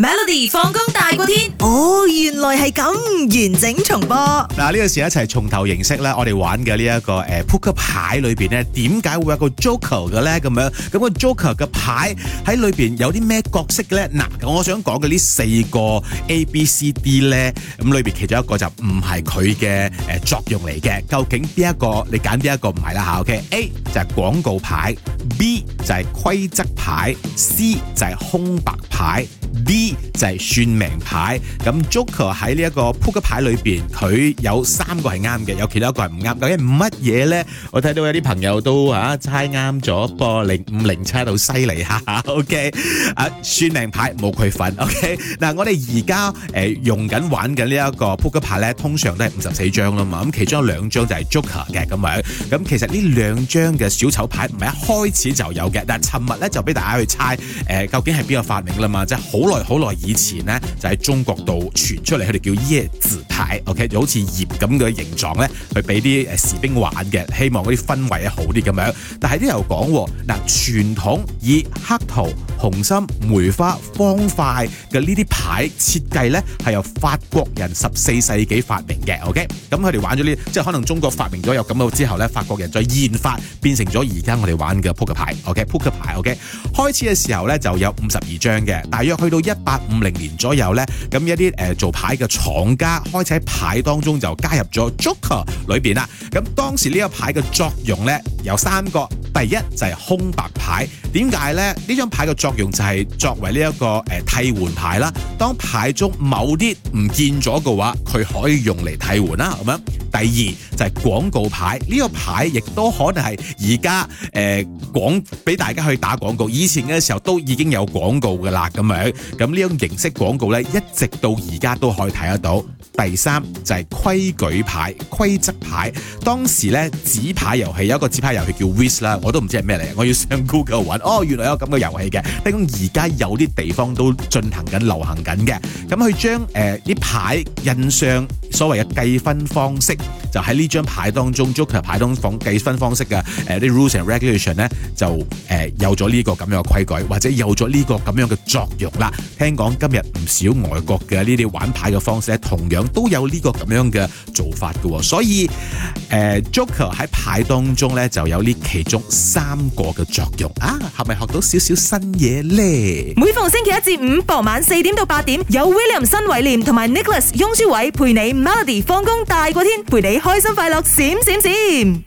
Melody 放工大過天，哦，原來係咁，完整重播。嗱、啊，呢、這個時候一齊從頭認識咧，我哋玩嘅呢一個誒撲、呃、克牌裏邊咧，點解會有個 Joker 嘅咧？咁樣，咁、這個 Joker 嘅牌喺裏邊有啲咩角色咧？嗱、啊，我想講嘅呢四個 A B, C, D、B、C、D 咧，咁裏邊其中一個就唔係佢嘅誒作用嚟嘅。究竟邊一個你揀邊一個唔係啦吓？O K，A 就係廣告牌，B 就係規則牌，C 就係空白牌。B 就係算命牌，咁 Joker 喺呢一個撲克牌裏邊，佢有三個係啱嘅，有其他一個係唔啱。究竟乜嘢咧？我睇到有啲朋友都嚇猜啱咗噃零五零，猜到犀利嚇。OK，啊，算命牌冇佢份。OK，嗱，我哋而家誒用緊玩嘅呢一個撲克牌咧，通常都係五十四張啦嘛。咁其中有兩張就係 Joker 嘅咁樣。咁其實呢兩張嘅小丑牌唔係一開始就有嘅，但係尋日咧就俾大家去猜誒究竟係邊個發明啦嘛，即係好耐。好耐以前呢，就喺中國度傳出嚟，佢哋叫葉子牌，OK，就好似葉咁嘅形狀呢，去俾啲誒士兵玩嘅，希望嗰啲氛圍好啲咁樣。但係啲人講，嗱、哦、傳統以黑桃、紅心、梅花、方塊嘅呢啲牌設計呢，係由法國人十四世紀發明嘅。OK，咁佢哋玩咗呢啲，即係可能中國發明咗有咁嘅之後呢，法國人再研發變成咗而家我哋玩嘅撲克牌。OK，撲克牌。OK，開始嘅時候呢，就有五十二張嘅，大約去到一八五零年左右呢。咁一啲誒、呃、做牌嘅廠家開始喺牌當中就加入咗 joker 裏邊啦。咁當時呢個牌嘅作用呢，有三個。第一就係空白牌，點解呢？呢張牌嘅作用就係作為呢、這、一個誒、呃、替換牌啦。當牌中某啲唔見咗嘅話，佢可以用嚟替換啦，咁樣？第二就係、是、廣告牌，呢、這個牌亦都可能係而家誒廣俾大家去打廣告。以前嘅時候都已經有廣告嘅啦，咁樣咁呢種形式廣告咧，一直到而家都可以睇得到。第三就係、是、規矩牌、規則牌。當時咧紙牌遊戲有一個紙牌遊戲叫 Whist 啦，我都唔知係咩嚟，我要上 Google 揾，哦，原來有咁嘅遊戲嘅，等而家有啲地方都進行緊流行緊嘅。咁佢將誒啲、呃、牌印上所謂嘅計分方式。就喺呢張牌當中，Joker 牌當中方計分方式嘅誒啲 rules and regulation 咧，就誒有咗呢個咁樣嘅規矩，或者有咗呢個咁樣嘅作用啦。聽講今日唔少外國嘅呢啲玩牌嘅方式，同樣都有呢個咁樣嘅做法噶，所以誒、呃、Joker 喺牌當中咧就有呢其中三個嘅作用啊，係咪學到少少新嘢咧？每逢星期一至五傍晚四點到八點，有 William 新偉廉同埋 Nicholas 翁舒偉陪你 Melody 放工大過天。陪你開心快樂，閃閃閃。閃閃閃。